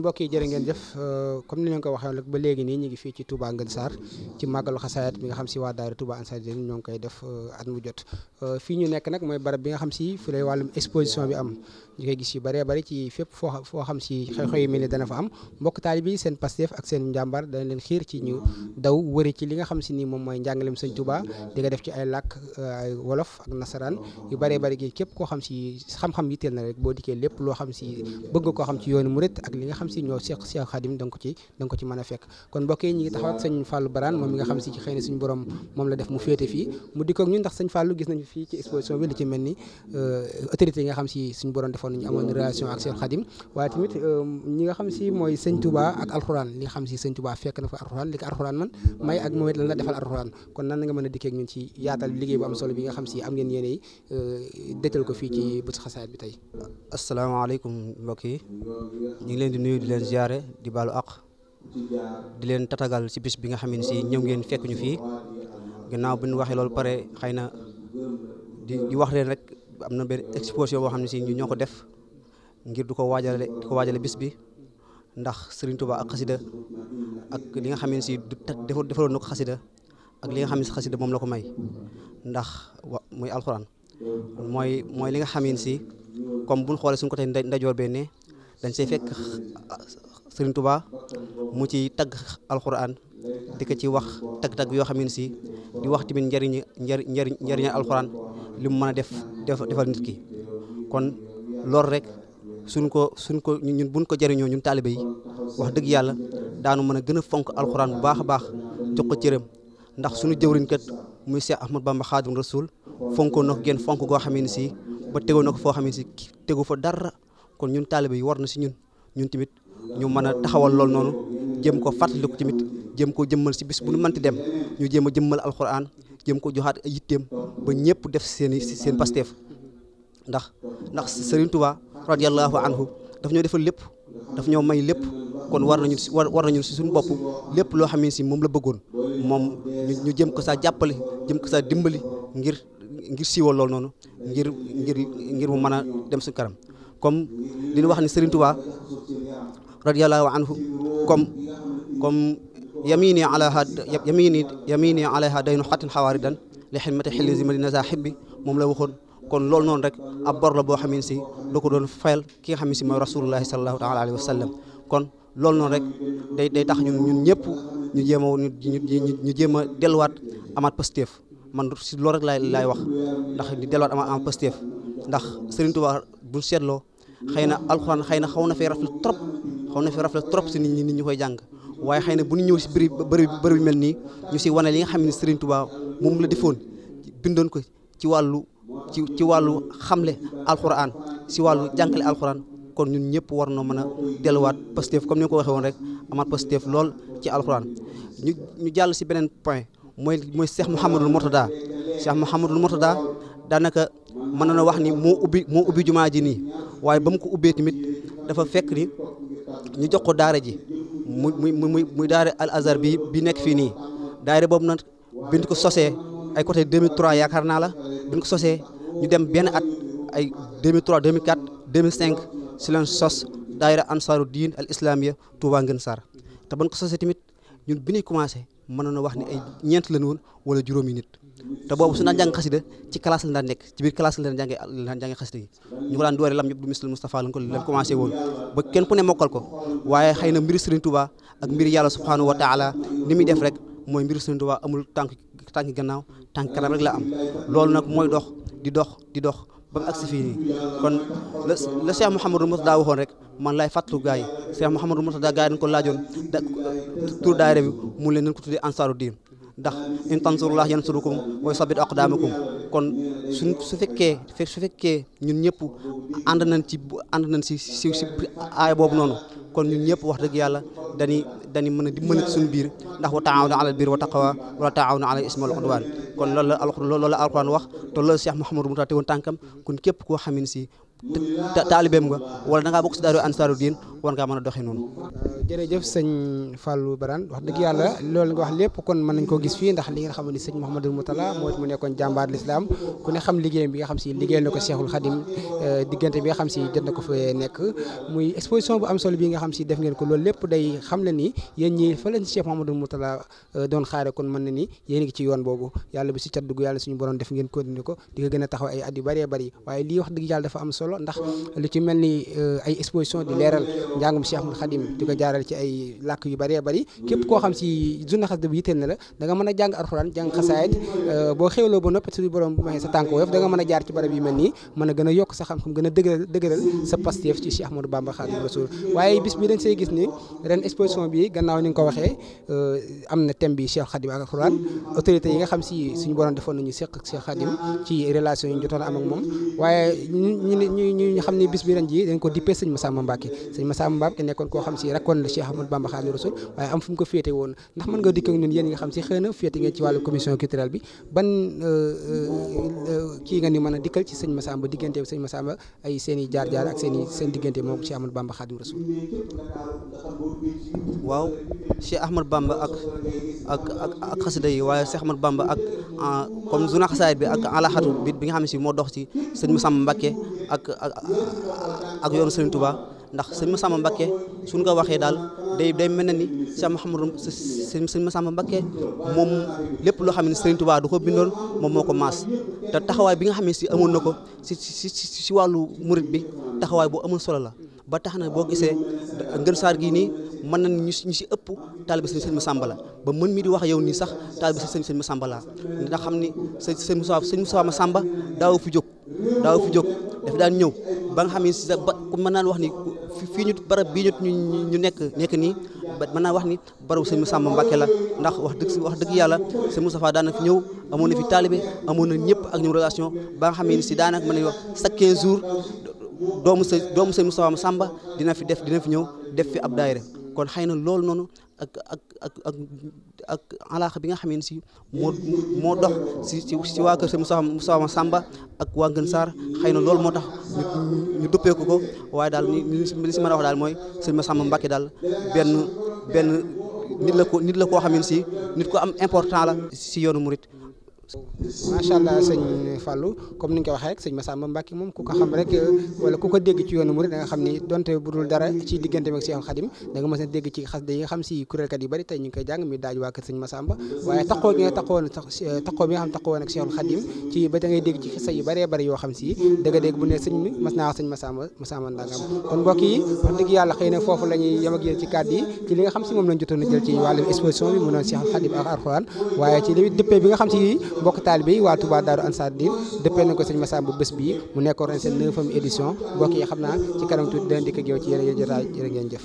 kon mbokk yi jërë ngeen jëf euh, comme ni leen ko waxee rek ba léegi nii ñu ngi fii ci Touba Ngën Saar ci màggalu xasaayat bi nga xam si waa daara Touba euh, euh, xam si fi lay wàllum exposition bi am ñu koy dana ak seen njàmbaar dana leen xiir ci ñu daw wëri ci li nga xam si ni moom mooy njàngalem sëñ Touba di nga def ci ay làkk ay wolof ak nasaraan yu bëree bëri gi képp koo xam si xam-xam yitteel na rek boo dikkee lépp loo xam si bëgg koo xam ci yoonu murit ak li nga xam si ñoo Cheikh Cheikh Khadim da nga ko ci da a fekk kon mbokk ñi ngi taxaw ak sëñ Fallou moom mi nga xam si xëy na suñu borom moom la def mu féete fii mu dikkoog ñun ndax sëñ Fallou gis nañu fii ci exposition bi li ci mel ni euh, autorité yi nga xam si suñu borom defoon nañu amoon relation ak Cheikh Khadim waaye tamit euh, ñi mooy sëñ Touba ak alxuraan li nga xam si sëñ Touba fekk na fa alxuraan li ko alxuraan man may ak moom lan la defal alxuraan kon nan nga mën a dikkeeg ñun ci yaatal liggéey bu am solo bi nga xam si am ngeen yéene euh, nuyu di leen ziare di baalu àq di leen tatagal ci bis bi nga xam si ñëw ngeen fekk ñu fii gannaaw bi ñu waxee loolu pare xëy na di di wax leen rek am na benn exposition boo xam ne si ñu ñoo ko def ngir du ko waajale di ko waajale bis bi ndax Serigne Touba ak xasida ak li nga xam ne si du defaloon na ko xasida ak li nga xam ne si xasida moom la ko may ndax wa muy alxuraan mooy mooy li nga xam ne si comme bu buñ xoolee suñu côté ndajoor bee ne dañ say fekk Serigne Touba mu ci tagg alxuraan di ko ci wax tag-tag yoo xam ne si di wax tamit njëriñ njëriñ njëriñ alxuraan li mu mën a def defal nit ki kon loolu rek suñ ko suñ ko ñu ñu buñ ko jariñoo ñun taalibe yi wax dëgg yàlla daanu mën a gën a fonk alxuraan bu baax a baax jox ko cëram ndax suñu jëwriñ kat muy Cheikh Ahmad Bamba Xaadim Rasul fonkoon na ko gën fonk goo xam ne si ba tegoo na ko foo xam ne si tegoo fa dara kon ñun taalibe yi war na si ñun ñun tamit ñu mën a taxawal loolu noonu jëm ko fàttaliku tamit jëm ko jëmmal si bis bu nu mënti dem ñu jéem a jëmmal alxuraan jëm ko joxaat a yitteem ba ñëpp def seen i seen pasteef ndax ndax Serigne Touba radiyallahu anhu daf ñoo defal lépp daf ñoo may lépp kon war nañu si war nañu si suñu bopp lépp loo xam si moom la bëggoon moom ñu jëm ko saa jàppale jëm ko saa dimbali ngir ngir siiwal lool noonu ngir ngir ngir mu mën a dem suñu kanam comme li ñu wax ni Serigne Touba radiyallahu anhu comme comme yamini alaha yamini yamini alayha daynu xatin xawaaridan li xilmati xilli zimali nasa xibbi moom la waxoon kon loolu noonu rek ab bor boo xam ne si da ko doon fayal ki nga xam ne si mooy rasulullahi salallahu taala alayhi wa sallam kon loolu noonu rek day day tax ñun ñun ñëpp jéem a ñu jéem a delluwaat amaat Pastef man si loolu rek laay laay wax ndax di delluwaat amaat amaat Pastef ndax Serigne Touba bu seetloo xëy na alxuraan na xaw na fee rafle trop xaw na fee rafle trop si nit ñi koy jàng waaye xëy na bu ñu ñëw si bëri bëri bëri bi mel nii ñu si wane li nga xam ne Serigne Touba moom la defoon bindoon ko ci wàllu xam le wàllu xamle alxuraan si wàllu jàngale alxuraan kon ñun ñëpp war na mën a delluwaat positif comme ni nga ko waxee woon rek amaat positif lool ci alxuraan ñu ñu jàll si beneen point mooy mooy Cheikh Mouhamadul Mourtada Cheikh Mouhamadul daanaka mën na na wax ni mu ubbi moo ubbi jumaa ji nii waaye ba mu ko ubbee tamit dafa fekk ni ñu jox ko daara ji mu muy muy daare al azhar bi bi nekk fii nii daara boobu na biñ ko sosee ay côté 2003 yaakaar naa la biñ ko sosee ñu dem benn at ay 2003 2004 2005 si leen sos daayira ansaaru diin al islaamiya Touba Ngën Sarr te ban ko sosee tamit ñun bi ñuy commencé mënoon a wax ni ay ñeent lañu woon wala juróomi nit te boobu su naan jàng xasida ci classe la daan nekk ci biir classe la daan jànge la daan jànge xasida yi ñu ko daan doore lam ñëpp du misal Moustapha lañ ko lañ commencé woon ba kenn ku ne mokkal ko waaye xëy na mbiri Serigne Touba ak mbiri yàlla subhanahu wa ala ni muy def rek mooy mbiri Serigne Touba amul tànk tànk gannaaw tànk kanam rek la am loolu nag mooy dox di dox di dox ba mu agsi fii nii kon la la ma Mouhamadou Mourtada waxoon rek man laay fàttaliku gars yi Cheikh Mouhamadou ma gars yi dañu ko laajoon da tur daayira bi mu leen nañu ko tuddee ansaaru diin ndax in tansurullah yansurukum wa yusabbit aqdamakum kon suñ su fekkee su fekkee ñun ñëpp ànd nañ ci ànd nañ si si si aay boobu noonu kon ñun ñëpp wax dëgg yàlla dañuy dañuy mën a di mën a suñu biir ndax wa taawna alal biir wa taqwa wala taawna alal ismi wal udwan kon loolu la alxuraan loolu la alxuraan wax te loolu Cheikh Mouhamadou Mouta teewoon tànkam kon képp koo xam ne si taalibeem nga wala da ngaa bokk si daaru ansaaru diin war ngaa mën a doxee noonu. jërëjëf sëñ Fallou Barane wax dëgg yàlla loolu nga wax lépp kon mën nañ koo gis fii ndax li nga xam ne sëñ Mouhamadou Moutala moo mu nekkoon jàmbaar lislaam ku ne xam liggéeyam bi nga xam si liggéeyal na ko Cheikhul Khadim euh, xam si jot na ko fa nekk muy solo bi nga xam si def ngeen ko loolu lépp day xam le ni yéen ñi fa lañ Cheikh Mouhamadou Moutala euh, doon na ni yéen a ci yoon boobu yàlla bi si cat dugg yàlla suñu borom def ngeen continuer ko di ko gën a taxaw ay at yu bëree waaye lii wax dëgg yàlla dafa am solo solo ndax lu ci mel ni euh, ay exposition di leeral njàngum Cheikh Ahmadou Khadim di ko jaaral yu bëree bëri képp koo xam si journée xasida bu yitteel na la da nga mën a jàng alxuraan jàng xasaayit euh, boo xéwloo ba noppi suñu borom bu mayee sa tànk woyof da nga mën a jaar ci barab yu mel nii mën a gën a yokk sa xam-xam gën a dëgëral dëgëral sa pasteef ci Cheikh Ahmadou Bamba Khadim Rasoul waaye bis bi dañ gis ni ren exposition bi gannaaw ni nga ko waxee euh, am na thème bi Cheikh Khadim ak alxuraan autorité yi nga xam si suñu boroon defoon nañu seq ak Cheikh Khadim ci relation yi jotoon am ak moom ñu ñu xam ne bis bi ren ji dañ ko dippee sëñ Massamba Mbacke sëñ Massamba Mbacke nekkoon koo xam si rakkoon la Cheikh Ahmadou Bamba Khadimou Rassoul waaye am fu mu ko féete woon ndax euh, euh, euh, kii nga ni mën a dikkal ci sëñ Massamba diggante sëñ Massamba ay seen i jaar-jaar ak seen i seen diggante moom Cheikh Ahmadou Bamba Khadimou Rassoul waaw Cheikh Ahmadou Bamba ak ak ak ak xasida yi waaye Cheikh Ahmadou Bamba ak ah, comme zona xasaayit bi ak alaxatu bi bi nga xam ne si moo dox ci sëñ Massamba Mbacke ak ak yoonu Serigne ndax sëñ Massamba Mbacké suñ ko waxee daal day day mel ne ni Cheikh Mouhamadou sëñ sëñ Massamba Mbacké moom lépp loo xam ne Serigne Touba du ko bindoon moom moo ko maas te taxawaay bi nga xam si amoon na ko si si wàllu murit bi taxawaay amul solo la ba tax na boo gisee ngën saar gii nii mën nañ ñu si ëpp taalibe sëñ sëñ Massamba la ba mën mi di wax yow nii sax taalibe sëñ sëñ Massamba la ndax xam ni sëñ sëñ Moussa sëñ Moussa Massamba daaw fi jóg daaw fi jóg daf daan ñëw ba nga xam ne si sa ba mën naan wax ni fii ñu barab bii ñu ñu nekk nekk nii mën naa wax ni barabu la ndax wax dëgg wax dëgg yàlla sëñ Moustapha daan na fi ñëw amoon na fi taalibe amoon na ñëpp ak ñoom relation ba nga xam ne si daanaka mën nañu wax chaque 15 jours doomu sa doomu sëñ Moustapha sàmba dina fi def dina fi ñëw def ab daayira kon xëy na loolu noonu ak ak ak ak ak alaaxa bi nga xam ne si moo moo dox si si si waa kër Moussa Moussa Samba ak waa Ngën Sarr xëy na loolu moo tax ñu duppeeku ko waaye daal li si mën a wax daal mooy sëñ ma Samba Mbacke daal benn benn nit la ko nit la koo xam ne si nit ko am important la si yoonu murit macha allah sëñ Fallou comme ni nga xam a si ba da ngay dégg ci xisa yu baree bari yoo xam si da nga dégg bu ne sëñ mi mas naa wax sëñ Massamba Massamba Ndangam la ñuy moom lañ jotoon a jël ci wàllu exposition bi mu noon Seexul Xadim ak Alxuraan waaye ci li dëppee bi nga xam si mbokk taal bi waa Touba Daaru Ansar Din dëppee nañ ko sëñ Massamba bés bi mu nekkoon ren seen neuvième mbokk yi xam naa ci kanam tuuti dana dikk ak yow ci yeneen jotaay jërë ngeen jëf